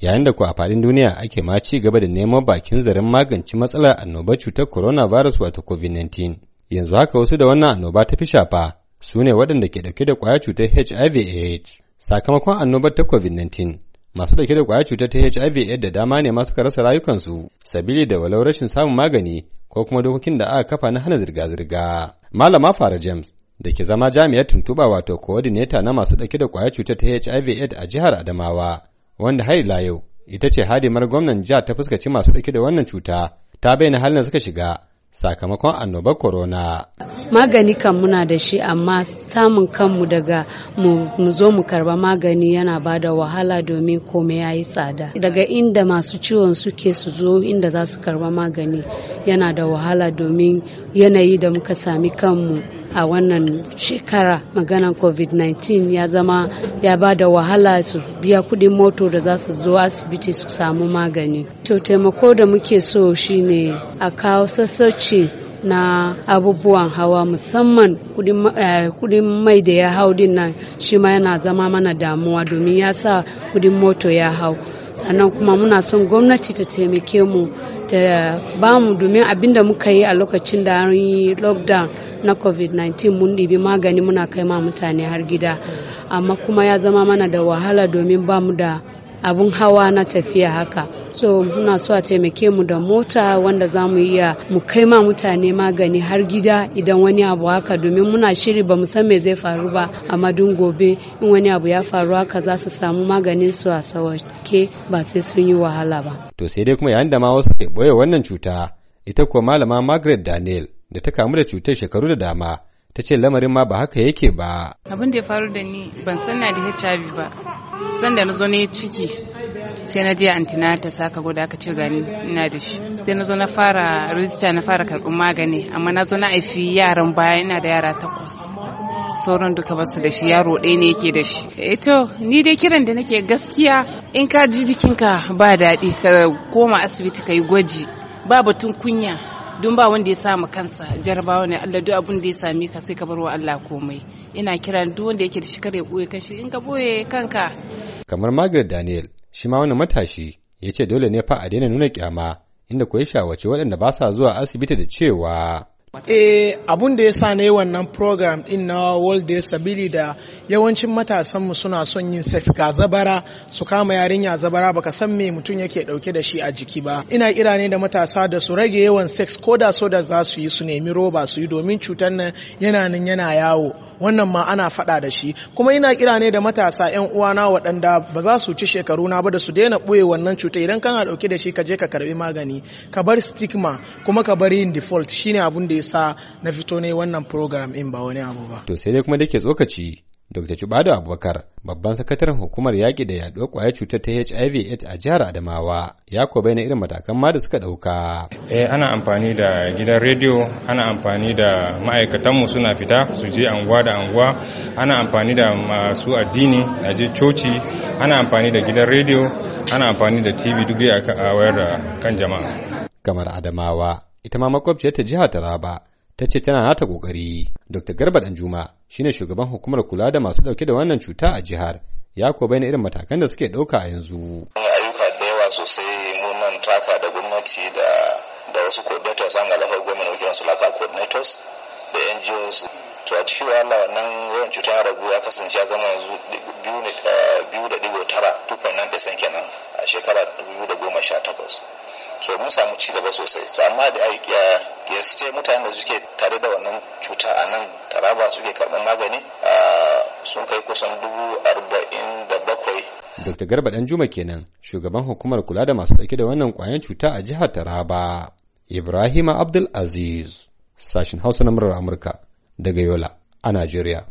yayin da ku a faɗin duniya ake ma ci gaba da neman bakin zaren magance matsalar annobar cutar corona virus wato covid-19 yanzu haka wasu da wannan annoba ta fi shafa su ne waɗanda ke ɗauke da ƙwayar cutar hiv aids sakamakon annobar ta covid-19 masu ɗauke da ƙwayar cutar ta hiv aids da dama ne masu rasa rayukansu sabili da walau rashin samun magani ko kuma dokokin da aka kafa na hana zirga-zirga malama fara james da ke zama jami'ar tuntuɓa wato coordinator na masu ɗauke da ƙwayar cutar ta hiv aids a jihar adamawa wanda har ila yau ita ce hadimar gwamnan jiha ta fuskaci masu ɗauke da wannan cuta ta bayyana halin da suka shiga sakamakon annobar corona. magani kan muna da shi amma samun kanmu daga mu zo mu karba magani yana ba da wahala domin komai ya yi tsada daga inda masu ciwon suke su zo inda za su karba magani yana da wahala domin yanayi da muka sami kanmu a wannan shekara maganan covid-19 ya zama ya ba da wahala su biya kudin moto da za su zo asibiti su samu magani to taimako da muke so shine a kawo sassauci na abubuwan hawa musamman eh, kudin mai da ya hau din nan shi ma yana zama mana damuwa domin ya sa kudin moto ya hau sannan kuma muna son gwamnati ta taimake mu ta ba mu domin abin da muka yi a lokacin da an yi lockdown na covid-19 mun ɗibi magani muna kai ma mutane har gida amma kuma ya zama mana da wahala domin ba mu da abun hawa na tafiya haka so muna so a taimake mu da mota wanda za mu iya mu kai ma mutane magani har gida idan wani abu haka domin muna shiri ba mu san me zai faru ba amma madun gobe in wani abu ya faru haka za su samu maganin su a sauke ba sai sun yi wahala ba to sai dai kuma yayin da ma wasu ke boye wannan cuta ita kuwa malama Margaret Daniel da ta kamu da cutar shekaru da dama ta ce lamarin ma ba haka yake ba abin da ya faru da ni ban san da HIV ba sanda na zo ne ciki sai na je ta saka gwada ka ce gani ina da shi sai na zo na fara rijista na fara karɓar magani amma na zo na haifi yaran baya ina da yara takwas sauran duka basu da shi yaro ɗaya ne yake da shi eto eh ni dai kiran da nake gaskiya in ka ji jikinka ba daɗi ka koma asibiti ka yi gwaji ba batun kunya don ba wanda ya samu kansa jarabawa ne Allah duk abin da ya sami ka sai ka bar wa Allah komai ina kiran duk wanda yake da shi kare ɓoye kanshi in ka ɓoye kanka kamar Margaret Daniel shi ma wani matashi ya ce dole ne fa a daina nuna kyama inda ku yi shawarci waɗanda ba sa zuwa asibiti da cewa Eh abun da ya sa na yi wannan program din na World Day sabili da yawancin matasanmu suna son yin sex ga zabara su kama yarinya zabara baka san me mutum yake dauke da shi a jiki ba. Ina kira ne da matasa da su rage yawan sex ko da so da za su yi su nemi roba su yi domin cutar nan yana nan yana yawo. Wannan ma ana faɗa da shi. Kuma ina kira ne da matasa 'yan uwana waɗanda ba za su ci shekaru na ba da su daina ɓoye wannan cuta idan kana dauke da shi ka je ka karbi magani ka bar stigma kuma ka bar yin default shine abun da sa na fito ne wannan program in ba wani abu ba to sai dai kuma dake tsokaci Dr. Cibado Abubakar, babban sakataren hukumar yaƙi da yaɗuwar ƙwayar cutar ta HIV AIDS a jihar Adamawa, ya ko na irin matakan ma da suka ɗauka. Eh ana amfani da gidan rediyo, ana amfani da ma'aikatanmu suna fita su je anguwa da anguwa, ana amfani da masu addini a je coci, ana amfani da gidan rediyo, ana amfani da TV duk a wayar da kan jama'a. Kamar Adamawa, ita ma makwabciyar ta jihar Taraba ta ce tana nata kokari Dr. Garba Danjuma shine shugaban hukumar kula da masu dauke da wannan cuta a jihar ya ko na irin matakan da suke dauka a yanzu ayyuka da yawa sosai munan taka da gwamnati da da wasu coordinators an galafar gwamnati kiran su laka coordinators da NGOs to a cikin wannan wannan yawan cutar rabu ya kasance ya zama yanzu biyu eh, da digo tara 2.9 kenan a shekarar 2018 so mun samu ci gaba sosai to amma da ya ce mutanen da suke tare da wannan cuta a nan taraba suke karɓar magani sun kai kusan dubu arba'in da bakwai Dr. Garba juma kenan shugaban hukumar kula da masu dauke da wannan kwayan cuta a jihar Taraba. Ibrahima Abdul Aziz, sashen Hausa na murar Amurka daga Yola a Najeriya.